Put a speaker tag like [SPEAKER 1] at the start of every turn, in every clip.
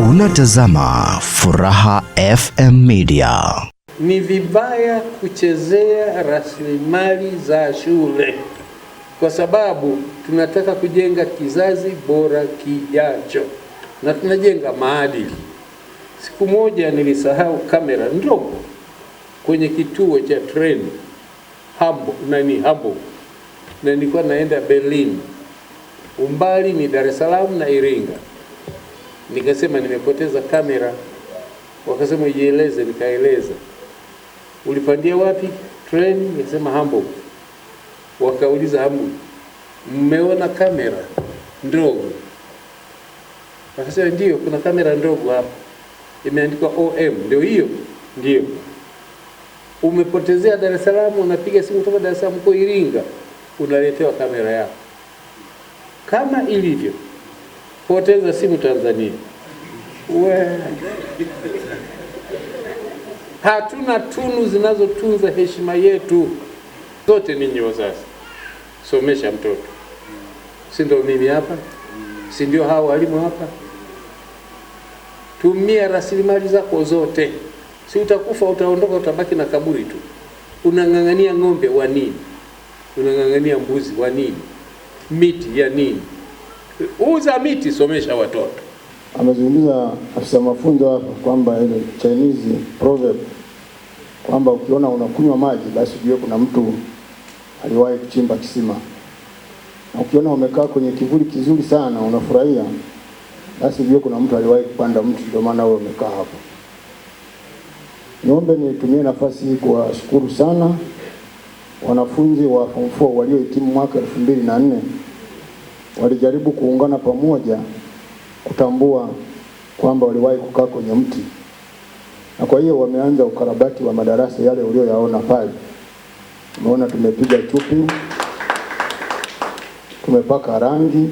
[SPEAKER 1] Unatazama Furaha FM Media. Ni vibaya kuchezea rasilimali za shule kwa sababu tunataka kujenga kizazi bora kijacho na tunajenga maadili. Siku moja nilisahau kamera ndogo kwenye kituo cha treni Hambo, nani Hambo, na nilikuwa naenda Berlin. Umbali ni Dar es Salaam na Iringa nikasema nimepoteza kamera, wakasema ijieleze, nikaeleza. Ulipandia wapi treni? Nikasema Hamburg. Wakauliza Hamburg, mmeona kamera ndogo? wakasema ndio, kuna kamera ndogo hapa imeandikwa OM. Ndio hiyo ndio umepotezea Dar es Salaam, unapiga simu kutoka Dar es Salaam kwa Iringa, unaletewa kamera yako kama ilivyo kupoteza simu Tanzania. We, hatuna tunu zinazotunza heshima yetu. Zote ninyi wazazi, somesha mtoto, si ndio? Mimi hapa, si ndio? Hao walimu hapa. Tumia rasilimali zako zote, si utakufa, utaondoka, utabaki na kaburi tu. Unang'ang'ania ng'ombe wa nini? Unang'ang'ania mbuzi wa nini? Miti ya nini? kukuza miti, somesha watoto.
[SPEAKER 2] Amezungumza afisa mafunzo hapa kwamba ile Chinese proverb kwamba ukiona unakunywa maji basi ujue kuna mtu aliwahi kuchimba kisima, na ukiona umekaa kwenye kivuli kizuri sana unafurahia, basi ujue kuna mtu aliwahi kupanda mti, ndio maana wewe umekaa hapo. Niombe nitumie nafasi hii kuwashukuru sana wanafunzi wa form 4 waliohitimu mwaka elfu mbili na nne walijaribu kuungana pamoja kutambua kwamba waliwahi kukaa kwenye mti, na kwa hiyo wameanza ukarabati wa madarasa yale ulioyaona pale. Umeona tumepiga chupi, tumepaka rangi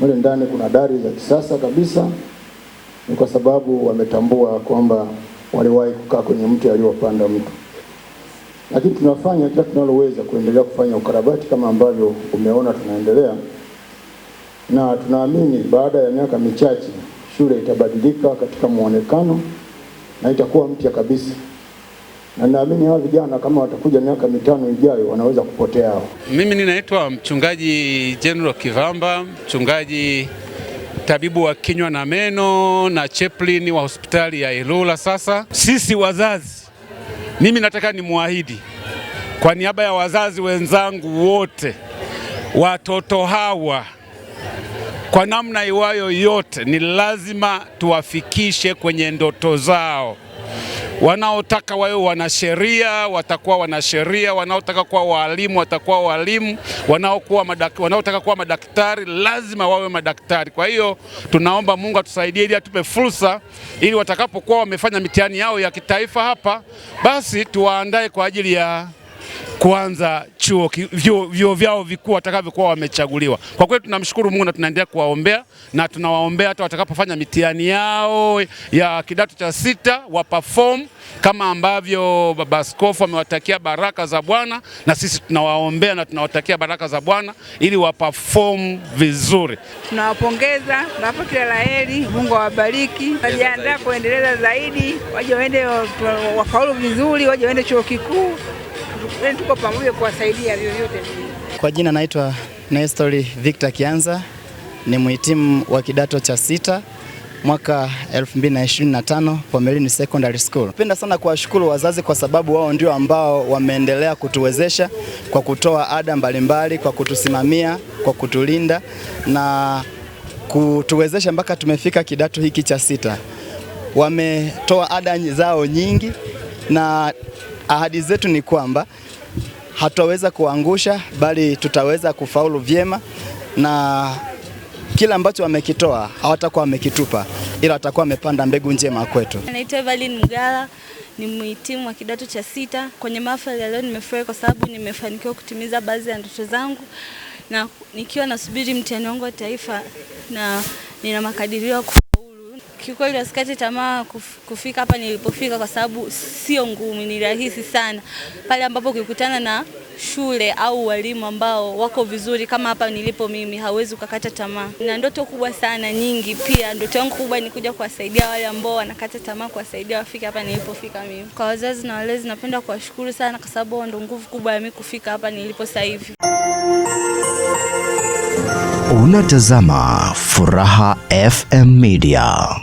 [SPEAKER 2] mle ndani, kuna dari za kisasa kabisa. Ni kwa sababu wametambua kwamba waliwahi kukaa kwenye mti aliopanda mtu. Lakini tunafanya kila tunaloweza kuendelea kufanya ukarabati kama ambavyo umeona tunaendelea na tunaamini baada ya miaka michache shule itabadilika katika muonekano na itakuwa mpya kabisa, na naamini hawa vijana kama watakuja miaka mitano ijayo wanaweza kupotea hao.
[SPEAKER 3] Mimi ninaitwa mchungaji General Kivamba, mchungaji tabibu wa kinywa na meno na chaplain wa hospitali ya Ilula. Sasa sisi wazazi, mimi nataka nimwahidi kwa niaba ya wazazi wenzangu wote, watoto hawa kwa namna iwayo yote, ni lazima tuwafikishe kwenye ndoto zao. Wanaotaka wawe wanasheria watakuwa wanasheria, wanaotaka kuwa walimu watakuwa waalimu, wanaokuwa madak, wanaotaka kuwa madaktari lazima wawe madaktari. Kwa hiyo tunaomba Mungu atusaidie ili atupe fursa, ili watakapokuwa wamefanya mitihani yao ya kitaifa hapa, basi tuwaandae kwa ajili ya kuanza chuo vyuo vyao vikuu watakavyokuwa wamechaguliwa. Kwa kweli tunamshukuru Mungu na tunaendelea kuwaombea na tunawaombea hata watakapofanya mitihani yao ya kidato cha sita wa perform kama ambavyo baba askofu amewatakia baraka za Bwana, na sisi tunawaombea na tunawatakia baraka za Bwana ili wa perform vizuri.
[SPEAKER 4] Tunawapongeza, nawapa kila la heri, Mungu awabariki, wajiandaa kuendeleza zaidi, waje waende wafaulu vizuri, waje waende chuo kikuu tuko pamoja kuwasaidia vyovyote.
[SPEAKER 5] Kwa jina naitwa Nestori Victor Kianza, ni mhitimu wa kidato cha sita mwaka 2025 Pomelini Secondary School. Napenda sana kuwashukuru wazazi kwa sababu wao ndio ambao wameendelea kutuwezesha kwa kutoa ada mbalimbali, kwa kutusimamia, kwa kutulinda na kutuwezesha mpaka tumefika kidato hiki cha sita. Wametoa ada zao nyingi na Ahadi zetu ni kwamba hatutaweza kuangusha, bali tutaweza kufaulu vyema na kila ambacho wamekitoa hawatakuwa wamekitupa, ila watakuwa wamepanda mbegu njema kwetu.
[SPEAKER 6] Naitwa Evelyn Mgala, ni mhitimu wa kidato cha sita. Kwenye mahafali ya leo nimefurahi kwa sababu nimefanikiwa kutimiza baadhi ya ndoto zangu, na nikiwa nasubiri mtihani wangu wa taifa na nina makadirio Kiukweli nasikati tamaa kufika hapa nilipofika, kwa sababu sio ngumu, ni rahisi sana pale ambapo ukikutana na shule au walimu ambao wako vizuri kama hapa nilipo mimi, hawezi ukakata tamaa. Na ndoto kubwa sana nyingi, pia ndoto yangu kubwa ni kuja kuwasaidia wale ambao wanakata tamaa, kuwasaidia wafike hapa nilipofika mimi. Kwa wazazi na walezi, napenda kuwashukuru sana, kwa sababu ndo nguvu kubwa ya mimi kufika hapa nilipo sasa hivi. Unatazama Furaha FM Media.